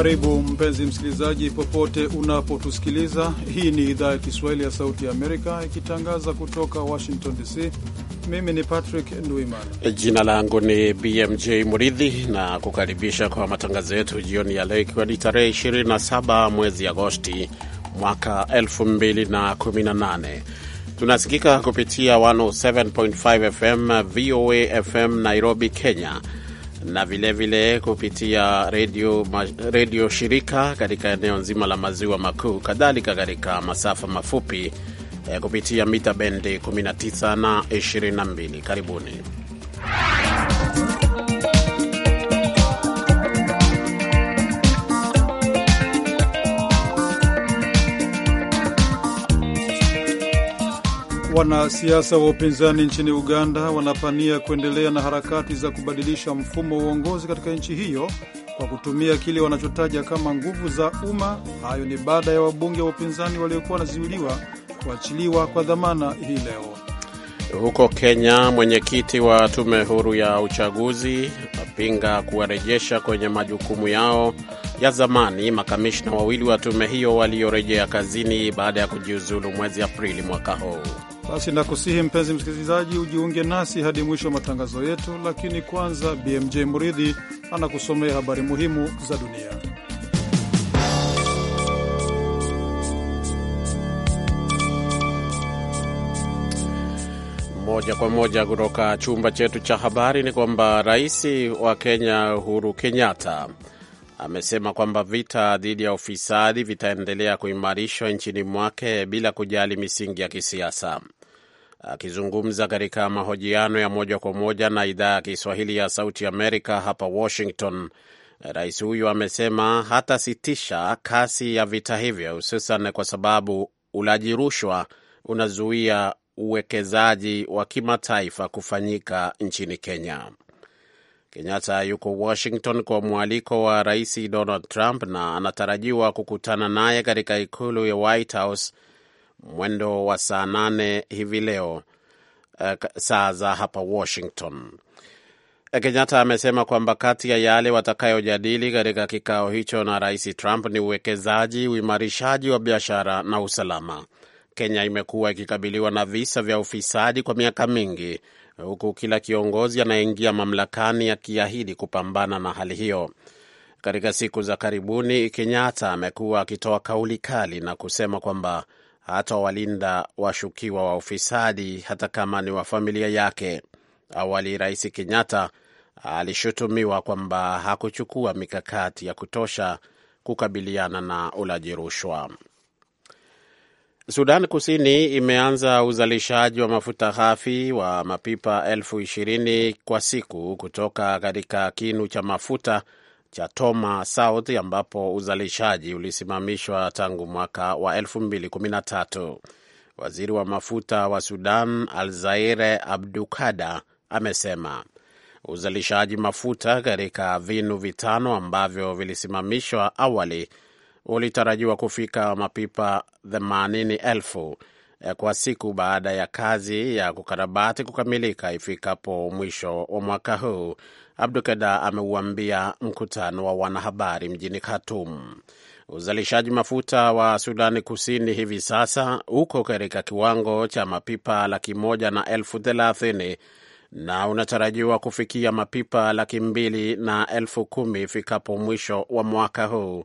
Karibu mpenzi msikilizaji, popote unapotusikiliza. Hii ni idhaa ya Kiswahili ya Sauti ya Amerika ikitangaza kutoka Washington DC. Mimi ni Patrick Ndwimana, e, jina langu ni BMJ Muridhi na kukaribisha kwa matangazo yetu jioni ya leo, ikiwa ni tarehe 27 mwezi Agosti mwaka 2018. Tunasikika kupitia 107.5 FM VOA FM Nairobi, Kenya na vilevile vile kupitia redio redio shirika katika eneo nzima la maziwa makuu, kadhalika katika masafa mafupi eh, kupitia mita bendi 19 na 22. Karibuni. Wanasiasa wa upinzani nchini Uganda wanapania kuendelea na harakati za kubadilisha mfumo wa uongozi katika nchi hiyo kwa kutumia kile wanachotaja kama nguvu za umma. Hayo ni baada ya wabunge wa upinzani waliokuwa wanazuiliwa kuachiliwa kwa dhamana hii leo. Huko Kenya, mwenyekiti wa tume huru ya uchaguzi apinga kuwarejesha kwenye majukumu yao ya zamani makamishna wawili wa tume hiyo waliorejea kazini baada ya kujiuzulu mwezi Aprili mwaka huu. Basi nakusihi mpenzi msikilizaji, ujiunge nasi hadi mwisho wa matangazo yetu, lakini kwanza, BMJ Muridhi anakusomea habari muhimu za dunia. Moja kwa moja kutoka chumba chetu cha habari ni kwamba rais wa Kenya Uhuru Kenyatta amesema kwamba vita dhidi ya ufisadi vitaendelea kuimarishwa nchini mwake bila kujali misingi ya kisiasa. Akizungumza katika mahojiano ya moja kwa moja na idhaa ya Kiswahili ya Sauti Amerika hapa Washington, rais huyu amesema hatasitisha kasi ya vita hivyo, hususan kwa sababu ulaji rushwa unazuia uwekezaji wa kimataifa kufanyika nchini Kenya. Kenyatta yuko Washington kwa mwaliko wa Rais Donald Trump na anatarajiwa kukutana naye katika ikulu ya White House mwendo wa saa nane hivi leo eh, saa za hapa Washington. Eh, Kenyatta amesema kwamba kati ya yale watakayojadili katika kikao hicho na Rais Trump ni uwekezaji, uimarishaji wa biashara na usalama. Kenya imekuwa ikikabiliwa na visa vya ufisadi kwa miaka mingi, huku kila kiongozi anayeingia mamlakani akiahidi kupambana na hali hiyo. Katika siku za karibuni, Kenyatta amekuwa akitoa kauli kali na kusema kwamba hatawalinda washukiwa wa ufisadi hata kama ni wa familia yake. Awali Rais Kenyatta alishutumiwa kwamba hakuchukua mikakati ya kutosha kukabiliana na ulaji rushwa. Sudan Kusini imeanza uzalishaji wa mafuta ghafi wa mapipa elfu ishirini kwa siku kutoka katika kinu cha mafuta cha Toma South ambapo uzalishaji ulisimamishwa tangu mwaka wa 2013. Waziri wa mafuta wa Sudan Alzaire Abdukada amesema uzalishaji mafuta katika vinu vitano ambavyo vilisimamishwa awali ulitarajiwa kufika mapipa 80,000 Eh, kwa siku baada ya kazi ya kukarabati kukamilika ifikapo mwisho wa mwaka huu. Abdukada ameuambia mkutano wa wanahabari mjini Khartoum. Uzalishaji mafuta wa Sudani Kusini hivi sasa uko katika kiwango cha mapipa laki moja na elfu thelathini na unatarajiwa kufikia mapipa laki mbili na elfu kumi ifikapo mwisho wa mwaka huu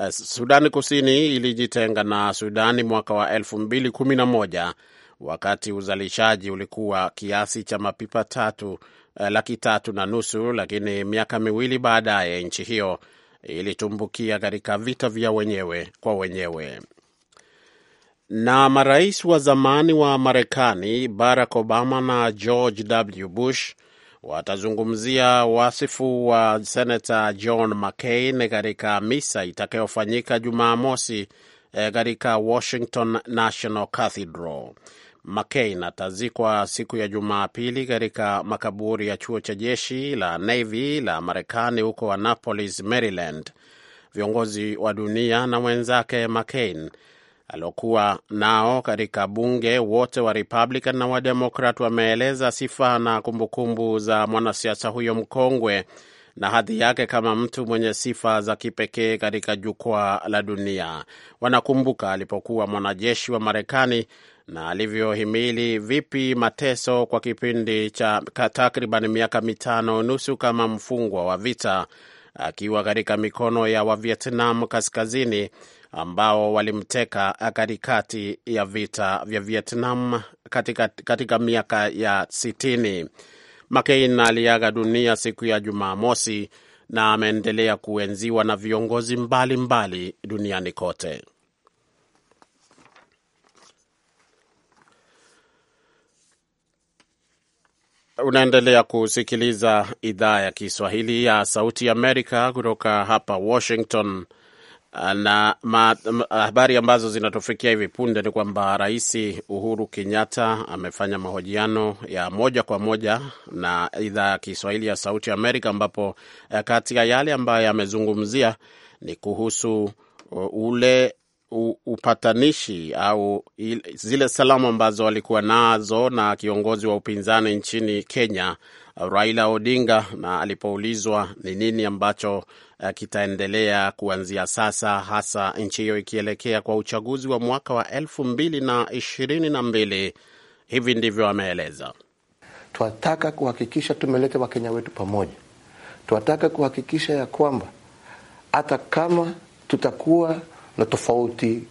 Eh, Sudani Kusini ilijitenga na Sudani mwaka wa elfu kumi na moja wakati uzalishaji ulikuwa kiasi cha mapipa tatu eh, laki tatu na nusu, lakini miaka miwili baadaye nchi hiyo ilitumbukia katika vita vya wenyewe kwa wenyewe. Na marais wa zamani wa Marekani Barack Obama na George W. Bush watazungumzia wasifu wa senata John McCain katika misa itakayofanyika Jumamosi eh, katika Washington National Cathedral. McCain atazikwa siku ya Jumapili katika makaburi ya chuo cha jeshi la Navy la Marekani huko Annapolis, Maryland. Viongozi wa dunia na wenzake McCain aliokuwa nao katika bunge, wote wa Republican na Wademokrat wameeleza sifa na kumbukumbu za mwanasiasa huyo mkongwe na hadhi yake kama mtu mwenye sifa za kipekee katika jukwaa la dunia. Wanakumbuka alipokuwa mwanajeshi wa Marekani na alivyohimili vipi mateso kwa kipindi cha takriban miaka mitano nusu kama mfungwa wa vita akiwa katika mikono ya Wavietnam kaskazini ambao walimteka katikati ya vita vya Vietnam katika, katika miaka ya sitini. McCain aliaga dunia siku ya Jumamosi na ameendelea kuenziwa na viongozi mbalimbali mbali duniani kote. Unaendelea kusikiliza idhaa ya Kiswahili ya Sauti Amerika kutoka hapa Washington na ma, ma, habari ambazo zinatufikia hivi punde ni kwamba Rais Uhuru Kenyatta amefanya mahojiano ya moja kwa moja na idhaa ya Kiswahili ya Sauti Amerika, ambapo eh, kati ya yale ambayo yamezungumzia ni kuhusu uh, ule upatanishi au zile salamu ambazo walikuwa nazo na kiongozi wa upinzani nchini Kenya Raila Odinga na alipoulizwa ni nini ambacho eh, kitaendelea kuanzia sasa, hasa nchi hiyo ikielekea kwa uchaguzi wa mwaka wa elfu mbili na ishirini na mbili, hivi ndivyo ameeleza: tunataka kuhakikisha tumeleta Wakenya wetu pamoja, tuataka kuhakikisha ya kwamba hata kama tutakuwa na tofauti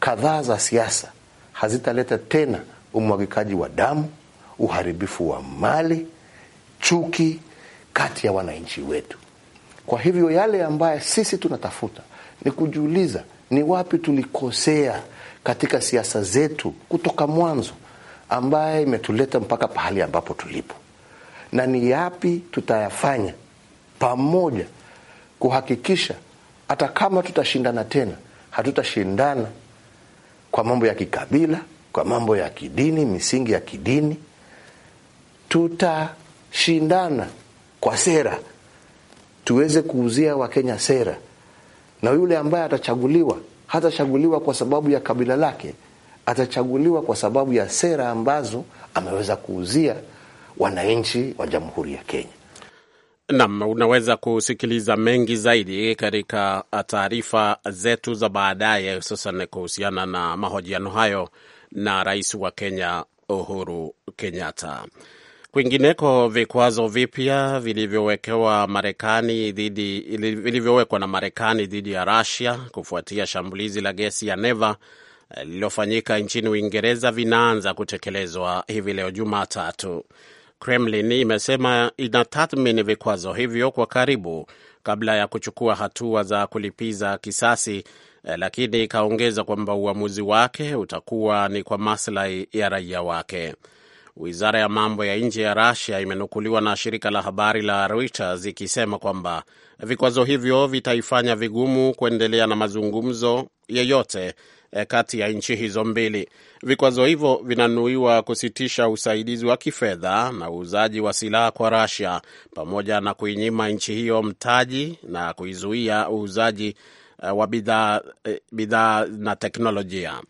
kadhaa za siasa hazitaleta tena umwagikaji wa damu, uharibifu wa mali chuki kati ya wananchi wetu. Kwa hivyo yale ambayo sisi tunatafuta ni kujiuliza ni wapi tulikosea katika siasa zetu kutoka mwanzo, ambaye imetuleta mpaka pahali ambapo tulipo, na ni yapi tutayafanya pamoja kuhakikisha hata kama tutashindana tena, hatutashindana kwa mambo ya kikabila, kwa mambo ya kidini, misingi ya kidini tuta shindana kwa sera, tuweze kuuzia Wakenya sera, na yule ambaye atachaguliwa hatachaguliwa kwa sababu ya kabila lake, atachaguliwa kwa sababu ya sera ambazo ameweza kuuzia wananchi wa Jamhuri ya Kenya. nam unaweza kusikiliza mengi zaidi katika taarifa zetu za baadaye, hususan kuhusiana na mahojiano hayo na rais wa Kenya Uhuru Kenyatta. Kwingineko, vikwazo vipya vilivyowekewa Marekani dhidi vilivyowekwa na Marekani dhidi ya rasia kufuatia shambulizi la gesi ya neva lililofanyika nchini Uingereza vinaanza kutekelezwa hivi leo Jumatatu. Kremlin imesema inatathmini vikwazo hivyo kwa karibu kabla ya kuchukua hatua za kulipiza kisasi, eh, lakini ikaongeza kwamba uamuzi wake utakuwa ni kwa maslahi ya raia wake. Wizara ya mambo ya nje ya Russia imenukuliwa na shirika la habari la Reuters ikisema kwamba vikwazo hivyo vitaifanya vigumu kuendelea na mazungumzo yeyote eh, kati ya nchi hizo mbili. Vikwazo hivyo vinanuiwa kusitisha usaidizi wa kifedha na uuzaji wa silaha kwa Russia pamoja na kuinyima nchi hiyo mtaji na kuizuia uuzaji eh, wa eh, bidhaa na teknolojia.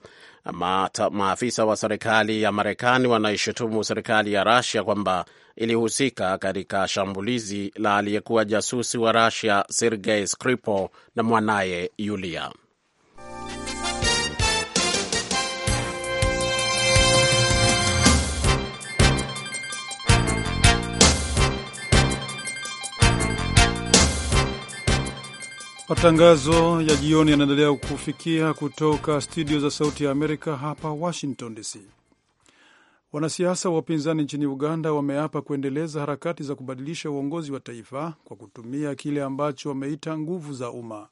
Maafisa wa serikali ya Marekani wanaishutumu serikali ya rasia kwamba ilihusika katika shambulizi la aliyekuwa jasusi wa rasia Sergei Skripal na mwanaye Yulia. Matangazo ya jioni yanaendelea kufikia kutoka studio za Sauti ya Amerika hapa Washington DC. Wanasiasa wa upinzani nchini Uganda wameapa kuendeleza harakati za kubadilisha uongozi wa taifa kwa kutumia kile ambacho wameita nguvu za umma.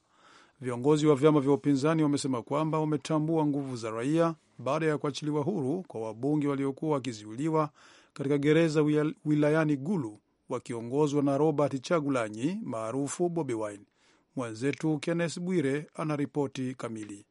Viongozi wa vyama vya upinzani wamesema kwamba wametambua nguvu za raia baada ya kuachiliwa huru kwa wabunge waliokuwa wakizuiliwa katika gereza wilayani Gulu wakiongozwa na Robert Chagulanyi maarufu Bobi Wine. Mwenzetu Kennes Bwire anaripoti kamili.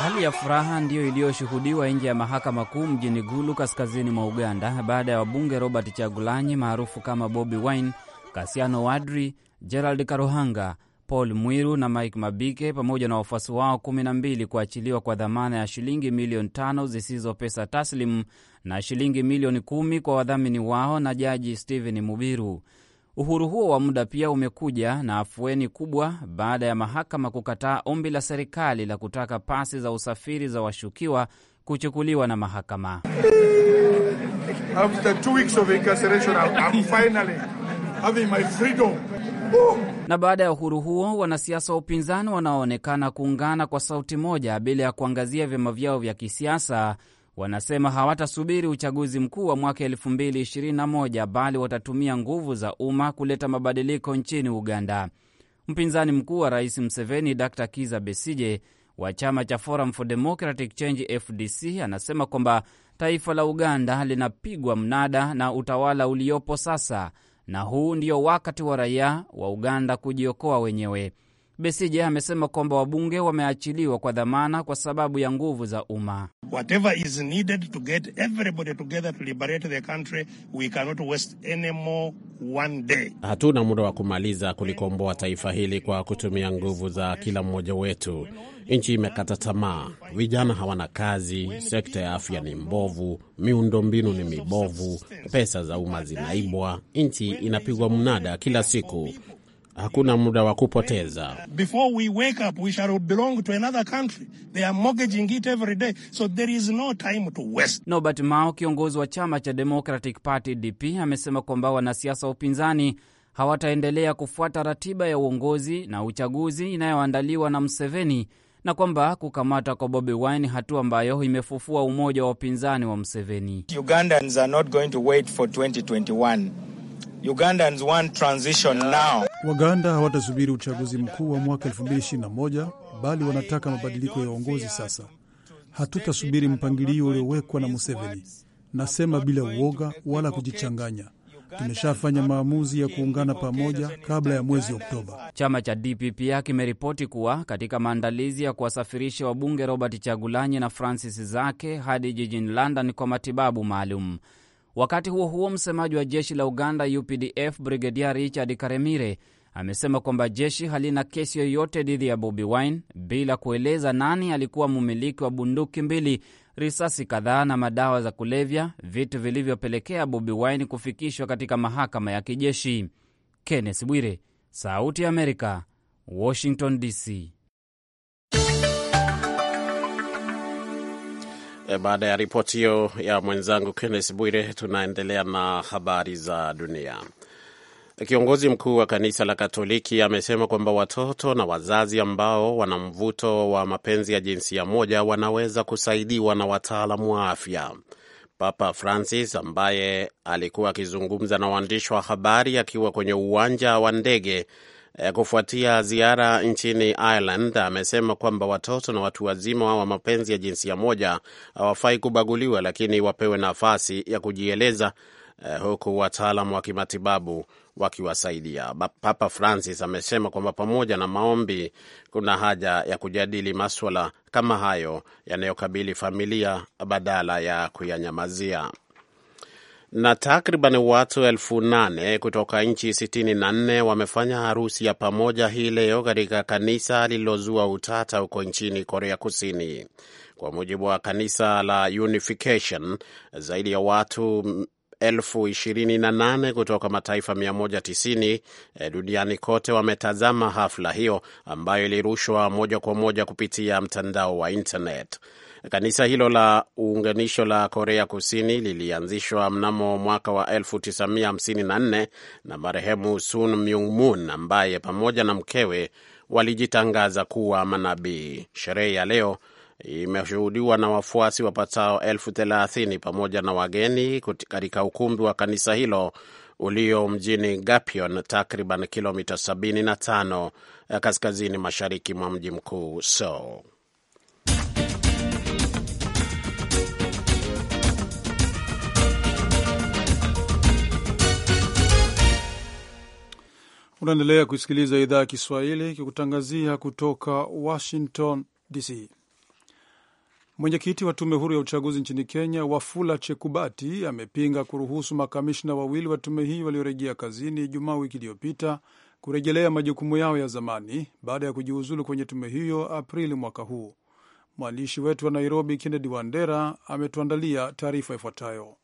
Hali ya furaha ndiyo iliyoshuhudiwa nje ya mahakama kuu mjini Gulu, kaskazini mwa Uganda, baada ya wabunge Robert Chagulanyi maarufu kama Bobi Wine, Kasiano Wadri, Gerald Karuhanga, Paul Mwiru na Mike Mabike pamoja na wafuasi wao kumi na mbili kuachiliwa kwa dhamana ya shilingi milioni tano zisizo pesa taslimu na shilingi milioni kumi kwa wadhamini wao na Jaji stehen Mubiru. Uhuru huo wa muda pia umekuja na afueni kubwa baada ya mahakama kukataa ombi la serikali la kutaka pasi za usafiri za washukiwa kuchukuliwa na mahakama. Na baada ya uhuru huo, wanasiasa wa upinzani wanaoonekana kuungana kwa sauti moja bila ya kuangazia vyama vyao vya kisiasa wanasema hawatasubiri uchaguzi mkuu wa mwaka 2021 bali watatumia nguvu za umma kuleta mabadiliko nchini Uganda. Mpinzani mkuu wa rais Mseveni, Dr Kiza Besije wa chama cha Forum for Democratic Change FDC, anasema kwamba taifa la Uganda linapigwa mnada na utawala uliopo sasa, na huu ndio wakati wa raia wa Uganda kujiokoa wenyewe. Besije amesema kwamba wabunge wameachiliwa kwa dhamana kwa sababu ya nguvu za umma. Hatuna muda wa kumaliza kulikomboa taifa hili kwa kutumia nguvu za kila mmoja wetu. Nchi imekata tamaa, vijana hawana kazi, sekta ya afya ni mbovu, miundombinu ni mibovu, pesa za umma zinaibwa, nchi inapigwa mnada kila siku. Hakuna muda wa kupoteza. Norbert Mao, kiongozi wa chama cha Democratic Party DP, amesema kwamba wanasiasa wa upinzani hawataendelea kufuata ratiba ya uongozi na uchaguzi inayoandaliwa na Mseveni na kwamba kukamata kwa Bobi Wine hatua ambayo imefufua umoja wa upinzani wa Mseveni. Ugandans are not going to wait for 2021. Ugandans want transition now. Waganda hawatasubiri uchaguzi mkuu wa mwaka 2021 bali wanataka mabadiliko ya uongozi sasa. Hatutasubiri mpangilio uliowekwa na Museveni. Nasema bila uoga wala kujichanganya. Tumeshafanya maamuzi ya kuungana pamoja kabla ya mwezi Oktoba. Chama cha DPP kimeripoti kuwa katika maandalizi ya kuwasafirisha wabunge Robert Chagulanyi na Francis Zake hadi jijini London kwa matibabu maalum. Wakati huo huo, msemaji wa jeshi la Uganda UPDF Brigedia Richard Karemire amesema kwamba jeshi halina kesi yoyote dhidi ya Bobi Wine bila kueleza nani alikuwa mumiliki wa bunduki mbili, risasi kadhaa na madawa za kulevya, vitu vilivyopelekea Bobi Wine kufikishwa katika mahakama ya kijeshi. Kenneth Bwire, Sauti ya Amerika, Washington DC. E, baada ya ripoti hiyo ya mwenzangu kennes Bwire, tunaendelea na habari za dunia. Kiongozi mkuu wa kanisa la Katoliki amesema kwamba watoto na wazazi ambao wana mvuto wa mapenzi ya jinsia moja wanaweza kusaidiwa na wataalamu wa afya. Papa Francis ambaye alikuwa akizungumza na waandishi wa habari akiwa kwenye uwanja wa ndege Eh, kufuatia ziara nchini Ireland amesema kwamba watoto na watu wazima wa mapenzi ya jinsia moja hawafai kubaguliwa, lakini wapewe nafasi ya kujieleza, eh, huku wataalam wa kimatibabu wakiwasaidia. Papa Francis amesema kwamba pamoja na maombi, kuna haja ya kujadili maswala kama hayo yanayokabili familia badala ya kuyanyamazia na takriban watu elfu nane kutoka nchi sitini na nne wamefanya harusi ya pamoja hii leo katika kanisa lililozua utata huko nchini Korea Kusini. Kwa mujibu wa kanisa la Unification, zaidi ya watu elfu ishirini na nane kutoka mataifa 190 eh, duniani kote wametazama hafla hiyo ambayo ilirushwa moja kwa moja kupitia mtandao wa internet. Kanisa hilo la uunganisho la Korea Kusini lilianzishwa mnamo mwaka wa 1954 na marehemu Sun Myung Moon ambaye pamoja na mkewe walijitangaza kuwa manabii. Sherehe ya leo imeshuhudiwa na wafuasi wapatao elfu thelathini pamoja na wageni katika ukumbi wa kanisa hilo ulio mjini Gapion, takriban kilomita 75 eh, kaskazini mashariki mwa mji mkuu Seoul. Unaendelea kusikiliza idhaa ya Kiswahili kikutangazia kutoka Washington DC. Mwenyekiti wa tume huru ya uchaguzi nchini Kenya, Wafula Chekubati, amepinga kuruhusu makamishna wawili wa tume hii waliorejea kazini Ijumaa wiki iliyopita kurejelea majukumu yao ya zamani baada ya kujiuzulu kwenye tume hiyo Aprili mwaka huu. Mwandishi wetu wa Nairobi, Kennedy Wandera, ametuandalia taarifa ifuatayo.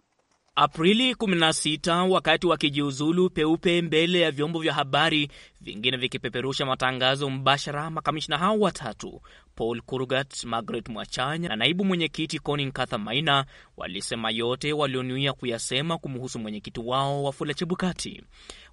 Aprili 16 wakati wakijiuzulu peupe mbele ya vyombo vya habari vingine vikipeperusha matangazo mbashara, makamishina hao watatu Paul Kurgat, Margaret Mwachanya na naibu mwenyekiti Conin Katha Maina walisema yote walionuia kuyasema kumhusu mwenyekiti wao Wafula Chebukati.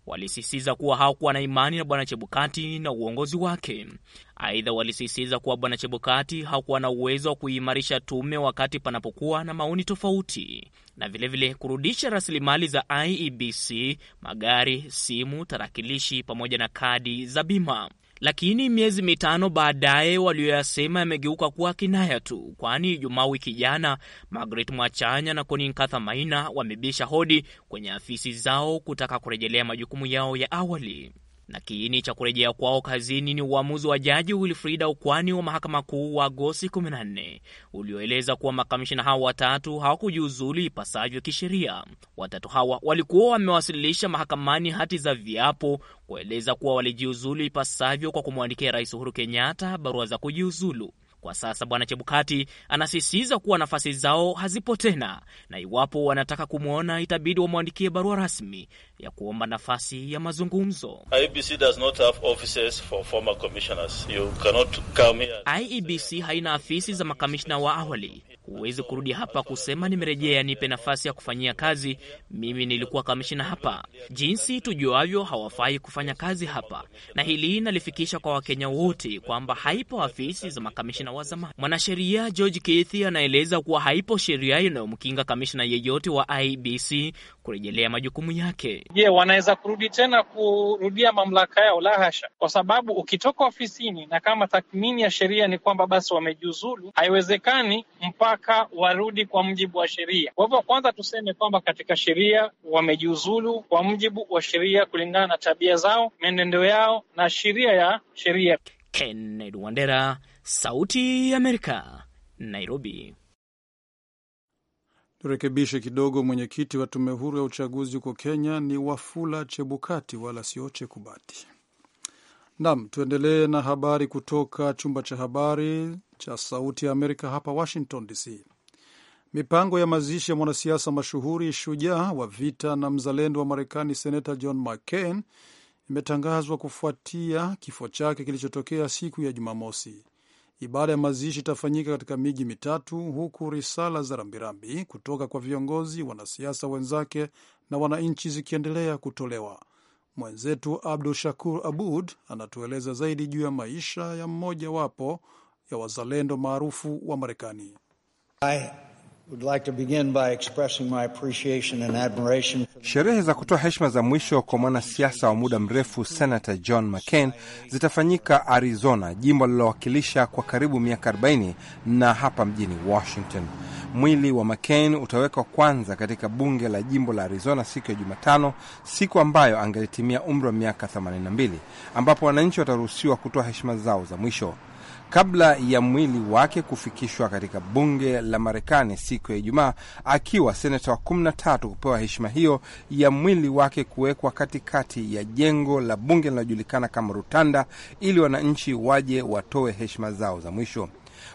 Walisisitiza kuwa hawakuwa na imani na Bwana Chebukati na uongozi wake. Aidha, walisisitiza kuwa Bwana Chebukati hakuwa na uwezo wa kuimarisha tume wakati panapokuwa na maoni tofauti, na vilevile vile kurudisha rasilimali za IEBC, magari, simu, tarakilishi pamoja na kadi za bima lakini miezi mitano baadaye walioyasema yamegeuka kuwa kinaya tu, kwani Ijumaa wiki jana Margaret Mwachanya na Coninkatha Maina wamebisha hodi kwenye afisi zao kutaka kurejelea majukumu yao ya awali na kiini cha kurejea kwao kazini ni uamuzi wa Jaji Wilfrida Ukwani wa Mahakama Kuu wa Agosti 14 ulioeleza kuwa makamishina hao watatu hawakujiuzulu ipasavyo kisheria. Watatu hawa walikuwa wamewasilisha mahakamani hati za viapo kueleza kuwa walijiuzulu ipasavyo kwa kumwandikia Rais Uhuru Kenyatta barua za kujiuzulu. Kwa sasa Bwana Chebukati anasisitiza kuwa nafasi zao hazipo tena, na iwapo wanataka kumwona itabidi wamwandikie barua rasmi ya kuomba nafasi ya mazungumzo. IEBC e haina afisi za makamishna wa awali. Huwezi kurudi hapa kusema nimerejea, nipe nafasi ya kufanyia kazi, mimi nilikuwa kamishina hapa. Jinsi tujuavyo, hawafai kufanya kazi hapa, na hili nalifikisha kwa Wakenya wote kwamba haipo afisi za makamishina kamishna wa zamani. Mwanasheria George Kithi anaeleza kuwa haipo sheria inayomkinga kamishna yeyote wa IBC kurejelea majukumu yake. Je, yeah, wanaweza kurudi tena kurudia mamlaka yao? La hasha, kwa sababu ukitoka ofisini na kama tathmini ya sheria ni kwamba basi wamejiuzulu, haiwezekani mpaka warudi kwa mujibu wa sheria. Kwa hivyo, kwanza tuseme kwamba katika sheria wamejiuzulu kwa mujibu wa sheria kulingana na tabia zao, mwenendo yao na sheria ya sheria. Kennedy Wandera, Sauti ya Amerika, Nairobi. Turekebishe kidogo, mwenyekiti wa tume huru ya uchaguzi huko Kenya ni Wafula Chebukati, wala sio Chekubati. Nam, tuendelee na habari kutoka chumba cha habari cha Sauti ya Amerika hapa Washington DC. Mipango ya mazishi ya mwanasiasa mashuhuri shujaa wa vita na mzalendo wa Marekani senata John McCain imetangazwa kufuatia kifo chake kilichotokea siku ya Jumamosi. Ibada ya mazishi itafanyika katika miji mitatu, huku risala za rambirambi kutoka kwa viongozi, wanasiasa wenzake na wananchi zikiendelea kutolewa. Mwenzetu Abdu Shakur Abud anatueleza zaidi juu ya maisha ya mmojawapo ya wazalendo maarufu wa Marekani. Sherehe za kutoa heshima za mwisho kwa mwanasiasa wa muda mrefu Senator John McCain zitafanyika Arizona, jimbo lililowakilisha kwa karibu miaka 40 na hapa mjini Washington. Mwili wa McCain utawekwa kwanza katika bunge la jimbo la Arizona siku ya Jumatano, siku ambayo angelitimia umri wa miaka 82, ambapo wananchi wataruhusiwa kutoa heshima zao za mwisho kabla ya mwili wake kufikishwa katika bunge la Marekani siku ya Ijumaa, akiwa seneta wa tatu kupewa heshima hiyo ya mwili wake kuwekwa katikati ya jengo la bunge linalojulikana kama Rutanda, ili wananchi waje watoe heshima zao za mwisho.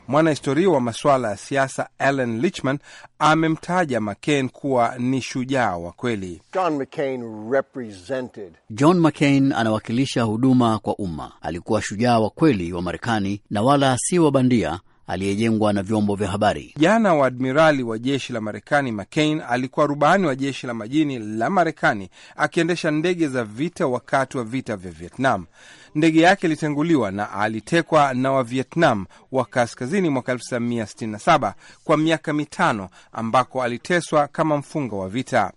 Mwanahistoria wa masuala ya siasa Alan Lichman amemtaja McCain kuwa ni shujaa wa kweli. John McCain represented... John McCain anawakilisha huduma kwa umma. Alikuwa shujaa wa kweli wa Marekani na wala si wa bandia aliyejengwa na vyombo vya habari. Jana wa admirali wa jeshi la Marekani McCain alikuwa rubani wa jeshi la majini la Marekani akiendesha ndege za vita wakati wa vita vya Vietnam. Ndege yake ilitanguliwa na alitekwa na Wavietnam wa kaskazini mwaka 1967 kwa miaka mitano, ambako aliteswa kama mfungwa wa vita.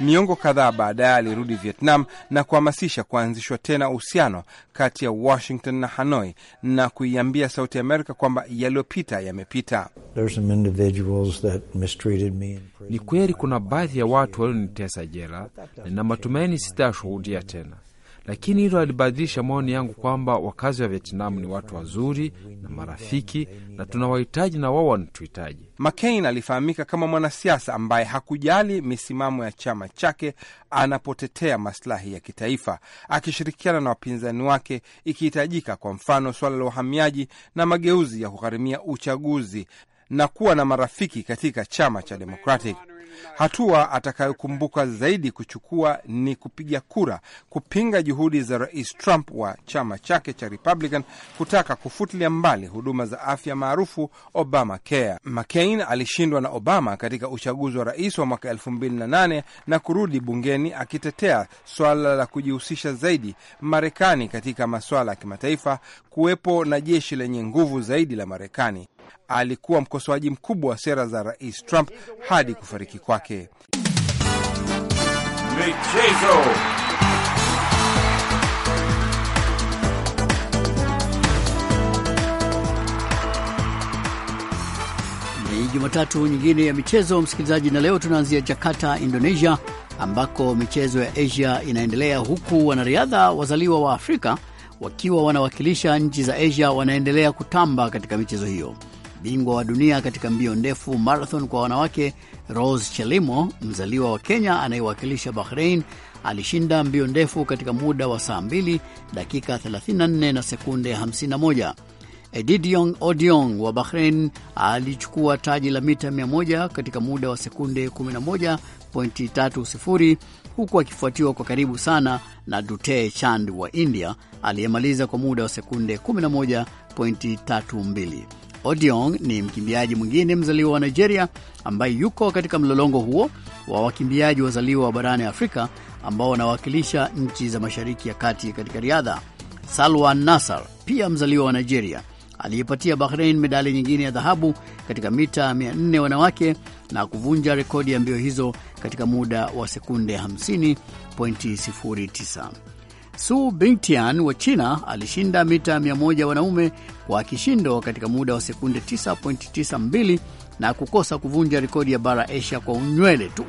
Miongo kadhaa baadaye alirudi Vietnam na kuhamasisha kuanzishwa tena uhusiano kati ya Washington na Hanoi na kuiambia Sauti Amerika kwamba yaliyopita yamepita. Ni kweli kuna baadhi ya watu walionitesa jela, na matumaini sitashuhudia tena lakini hilo alibadilisha maoni yangu kwamba wakazi wa Vietnamu ni watu wazuri na marafiki na tunawahitaji na wao wanatuhitaji. McCain alifahamika kama mwanasiasa ambaye hakujali misimamo ya chama chake anapotetea maslahi ya kitaifa, akishirikiana na wapinzani wake ikihitajika, kwa mfano suala la uhamiaji na mageuzi ya kugharimia uchaguzi na kuwa na marafiki katika chama cha Democratic. Hatua atakayokumbuka zaidi kuchukua ni kupiga kura kupinga juhudi za Rais Trump wa chama chake cha Republican kutaka kufutilia mbali huduma za afya maarufu Obamacare. McCain alishindwa na Obama katika uchaguzi wa rais wa mwaka 2008 na kurudi bungeni akitetea swala la kujihusisha zaidi Marekani katika masuala ya kimataifa, kuwepo na jeshi lenye nguvu zaidi la Marekani alikuwa mkosoaji mkubwa wa sera za Rais Trump hadi kufariki kwake. Michezo. Ni Jumatatu nyingine ya michezo, msikilizaji, na leo tunaanzia Jakarta, Indonesia, ambako michezo ya Asia inaendelea huku wanariadha wazaliwa wa Afrika wakiwa wanawakilisha nchi za Asia wanaendelea kutamba katika michezo hiyo bingwa wa dunia katika mbio ndefu marathon kwa wanawake Rose Chelimo, mzaliwa wa Kenya anayewakilisha Bahrain, alishinda mbio ndefu katika muda wa saa 2 dakika 34 na sekunde 51. Edidion Odiong wa Bahrain alichukua taji la mita 100 katika muda wa sekunde 11.30 huku akifuatiwa kwa karibu sana na Dute Chand wa India aliyemaliza kwa muda wa sekunde 11.32. Odiong ni mkimbiaji mwingine mzaliwa wa Nigeria ambaye yuko katika mlolongo huo wa wakimbiaji wazaliwa wa barani Afrika ambao wanawakilisha nchi za Mashariki ya Kati katika riadha. Salwan Nasar pia mzaliwa wa Nigeria aliyepatia Bahrain medali nyingine ya dhahabu katika mita 400 wanawake na kuvunja rekodi ya mbio hizo katika muda wa sekunde 50.09. Su Bingtian wa China alishinda mita 100 wanaume kwa kishindo katika muda wa sekunde 9.92 na kukosa kuvunja rekodi ya bara Asia kwa unywele tu.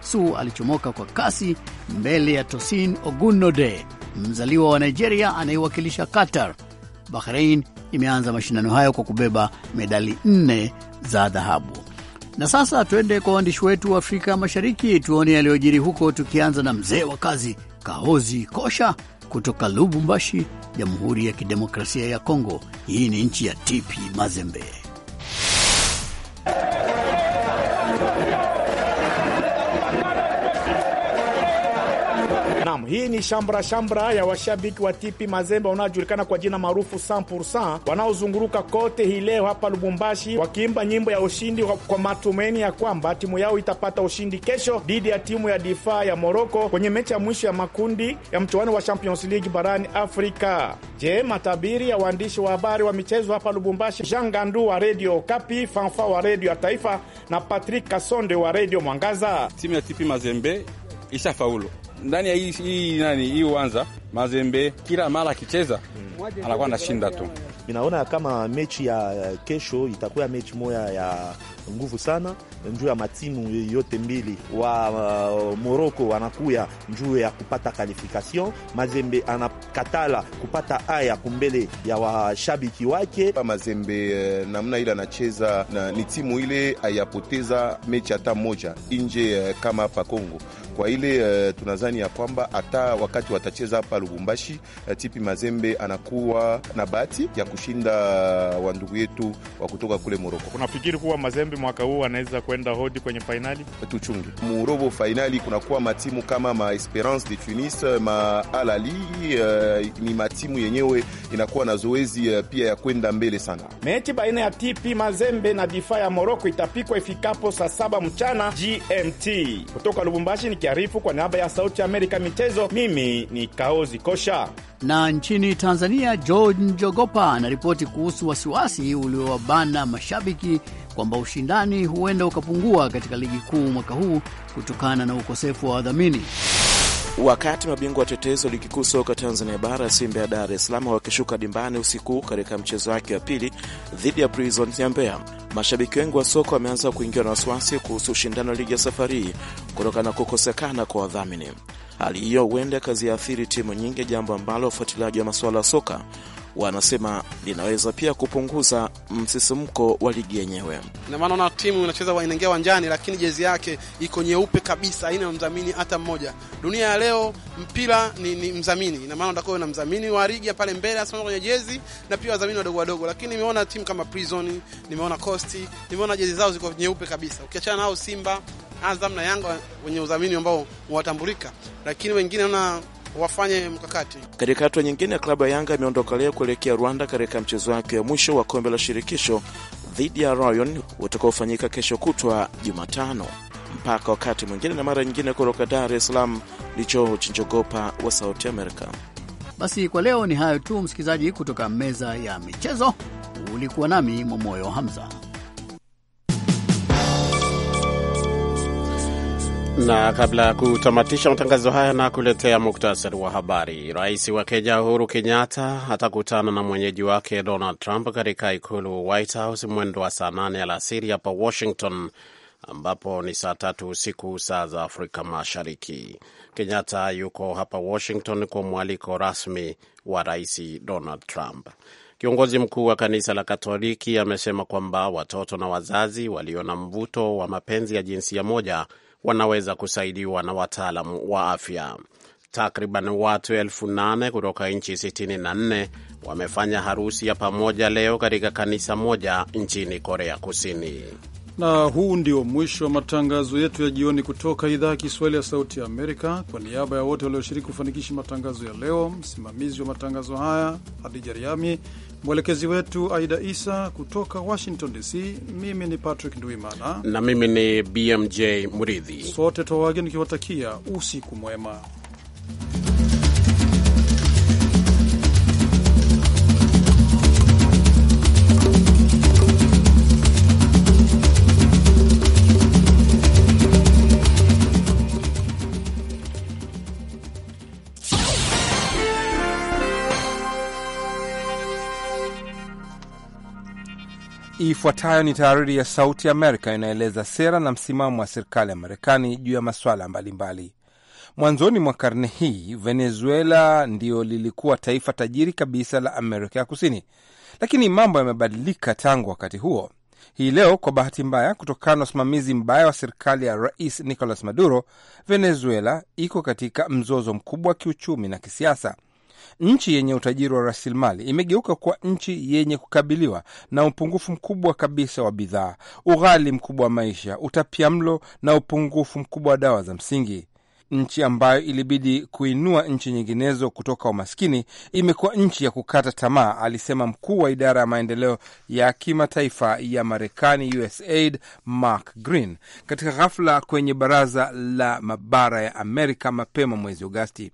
Su alichomoka kwa kasi mbele ya Tosin Ogunode, mzaliwa wa Nigeria anayewakilisha Qatar. Bahrain imeanza mashindano hayo kwa kubeba medali nne za dhahabu. Na sasa twende kwa waandishi wetu wa Afrika Mashariki tuone yaliyojiri huko, tukianza na mzee wa kazi Kahozi Kosha kutoka Lubumbashi, Jamhuri ya Kidemokrasia ya Kongo, hii ni nchi ya Tipi Mazembe. Hii ni shambra shambra ya washabiki wa Tipi Mazembe wanaojulikana kwa jina maarufu 100% wanaozunguruka kote hii leo hapa Lubumbashi wakiimba nyimbo ya ushindi kwa matumaini ya kwamba timu yao itapata ushindi kesho dhidi ya timu ya Difa ya Moroko kwenye mechi ya mwisho ya makundi ya mchuano wa Champions League barani Afrika. Je, matabiri ya waandishi wa habari wa michezo hapa Lubumbashi, Jean Gandu wa redio Kapi, Fanfa wa redio ya Taifa na Patrick Kasonde wa redio Mwangaza. Timu ya Tipi Mazembe ishafaulu ndani ya hii hii nani hii uwanja Mazembe kila mara akicheza anakuwa anashinda tu. Ninaona kama mechi ya kesho itakuwa mechi moya ya nguvu sana njuu ya matimu yote mbili wa uh, Moroko wanakuya njuu ya kupata kalifikasion. Mazembe anakatala kupata aya kumbele ya washabiki wake. Mazembe eh, namna ile anacheza na ni timu ile ayapoteza mechi hata moja nje eh, kama hapa Kongo kwa ile uh, tunazani ya kwamba hata wakati watacheza hapa Lubumbashi uh, Tipi Mazembe anakuwa na bahati ya kushinda wandugu yetu wa kutoka kule Moroko. Unafikiri kuwa Mazembe Mazembe mwaka huu anaweza kwenda hodi kwenye fainali. Tuchungi murobo fainali, kunakuwa matimu kama ma Esperance de Tunis, ma Alali Uh, eh, ni matimu yenyewe inakuwa na zoezi uh, pia ya kwenda mbele sana. Mechi baina ya TP Mazembe na Difa ya Moroko itapikwa ifikapo saa saba mchana GMT. Kutoka Lubumbashi nikiarifu kwa niaba ya Sauti ya Amerika michezo, mimi ni Kaozi Kosha. Na nchini Tanzania, George Njogopa anaripoti kuhusu wasiwasi uliowabana mashabiki kwamba ushindani huenda ukapungua katika ligi kuu mwaka huu kutokana na ukosefu wa wadhamini. Wakati mabingwa watetezi wa ligi kuu soka Tanzania bara Simba ya Dar es Salaam wakishuka dimbani usiku katika mchezo wake wa pili dhidi ya Prison ya Mbeya, mashabiki wengi wa soka wameanza kuingiwa na wasiwasi kuhusu ushindani wa ligi ya safari hii kutokana na kukosekana kwa wadhamini. Hali hiyo huenda kaziathiri timu nyingi, jambo ambalo wafuatiliaji wa masuala ya soka wanasema linaweza pia kupunguza msisimko wa ligi yenyewe. Ina maana na timu inacheza inaingia uwanjani, lakini jezi yake iko nyeupe kabisa, haina mdhamini hata mmoja. Dunia ya leo mpira ni, ni mdhamini. Ina maana utakuwa na mdhamini wa ligi pale mbele, hasa kwenye jezi na pia wadhamini wadogo wadogo, lakini nimeona timu kama Prison, nimeona Coast, nimeona jezi zao ziko nyeupe kabisa, ukiachana nao Simba, Azam na Yanga wenye udhamini ambao watambulika, lakini wengine naona wafanye mkakati. Katika hatua nyingine, klabu ya Yanga imeondoka leo kuelekea Rwanda katika mchezo wake wa mwisho wa kombe la shirikisho dhidi ya Rayon utakaofanyika kesho kutwa Jumatano. Mpaka wakati mwingine na mara nyingine, kutoka Dar es Salaam licho chinjogopa wa Sauti Amerika. Basi kwa leo ni hayo tu, msikilizaji, kutoka meza ya michezo. Ulikuwa nami Momoyo Hamza. Na kabla ya kutamatisha matangazo haya na kuletea muktasari wa habari, rais wa Kenya Uhuru Kenyatta atakutana na mwenyeji wake Donald Trump katika ikulu White House mwendo wa saa nane alasiri hapa Washington, ambapo ni saa tatu usiku saa za Afrika Mashariki. Kenyatta yuko hapa Washington kwa mwaliko rasmi wa rais Donald Trump. Kiongozi mkuu wa kanisa la Katoliki amesema kwamba watoto na wazazi walio na mvuto wa mapenzi ya jinsia moja wanaweza kusaidiwa na wataalamu wa afya. Takriban watu elfu nane kutoka nchi 64 wamefanya harusi ya pamoja leo katika kanisa moja nchini Korea Kusini. Na huu ndio mwisho wa matangazo yetu ya jioni kutoka idhaa ya Kiswahili ya Sauti ya Amerika. Kwa niaba ya wote walioshiriki kufanikisha matangazo ya leo, msimamizi wa matangazo haya Hadija Riami, mwelekezi wetu Aida Isa kutoka Washington DC, mimi ni Patrick Ndwimana na mimi ni BMJ Muridhi, sote twawageni nikiwatakia usiku mwema. Ifuatayo ni tahariri ya Sauti Amerika inaeleza sera na msimamo wa serikali ya Marekani juu ya masuala mbalimbali. Mwanzoni mwa karne hii, Venezuela ndio lilikuwa taifa tajiri kabisa la Amerika ya Kusini, lakini mambo yamebadilika tangu wakati huo. Hii leo, kwa bahati mbaya, kutokana na usimamizi mbaya wa serikali ya Rais Nicolas Maduro, Venezuela iko katika mzozo mkubwa wa kiuchumi na kisiasa Nchi yenye utajiri wa rasilimali imegeuka kuwa nchi yenye kukabiliwa na upungufu mkubwa kabisa wa bidhaa, ughali mkubwa wa maisha, utapia mlo na upungufu mkubwa wa dawa za msingi. Nchi ambayo ilibidi kuinua nchi nyinginezo kutoka umaskini imekuwa nchi ya kukata tamaa, alisema mkuu wa idara ya maendeleo ya kimataifa ya Marekani, USAID, Mark Green, katika ghafla kwenye baraza la mabara ya Amerika mapema mwezi Agosti.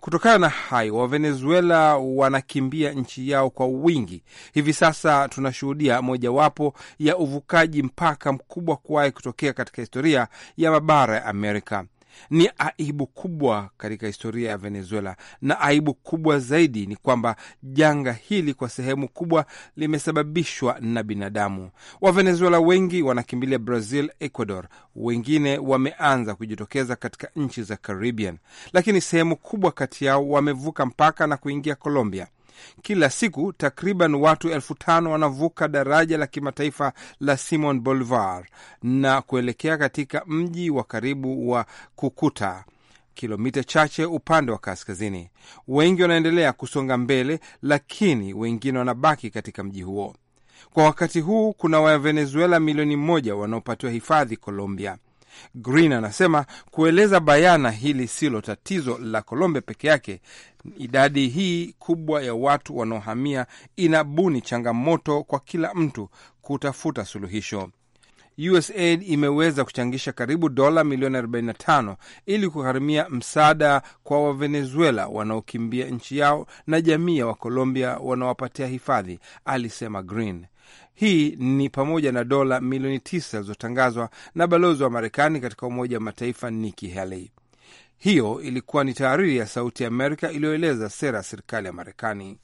Kutokana na hayo, Wavenezuela wanakimbia nchi yao kwa wingi. Hivi sasa tunashuhudia mojawapo ya uvukaji mpaka mkubwa kuwahi kutokea katika historia ya mabara ya Amerika. Ni aibu kubwa katika historia ya Venezuela, na aibu kubwa zaidi ni kwamba janga hili kwa sehemu kubwa limesababishwa na binadamu. Wavenezuela wengi wanakimbilia Brazil, Ecuador, wengine wameanza kujitokeza katika nchi za Caribbean, lakini sehemu kubwa kati yao wamevuka mpaka na kuingia Colombia. Kila siku takriban watu elfu tano wanavuka daraja la kimataifa la Simon Bolivar na kuelekea katika mji wa karibu wa Kukuta, kilomita chache upande wa kaskazini. Wengi wanaendelea kusonga mbele, lakini wengine wanabaki katika mji huo. Kwa wakati huu kuna Wavenezuela milioni moja wanaopatiwa hifadhi Colombia. Green anasema kueleza bayana hili silo tatizo la Colombia peke yake. Idadi hii kubwa ya watu wanaohamia inabuni changamoto kwa kila mtu kutafuta suluhisho. USAID imeweza kuchangisha karibu dola milioni 45 ili kugharimia msaada kwa Wavenezuela wanaokimbia nchi yao na jamii ya Wakolombia wanaowapatia hifadhi, alisema Green. Hii ni pamoja na dola milioni tisa zilizotangazwa na balozi wa Marekani katika Umoja wa Mataifa Nikki Haley. Hiyo ilikuwa ni tahariri ya Sauti ya Amerika iliyoeleza sera ya serikali ya Marekani.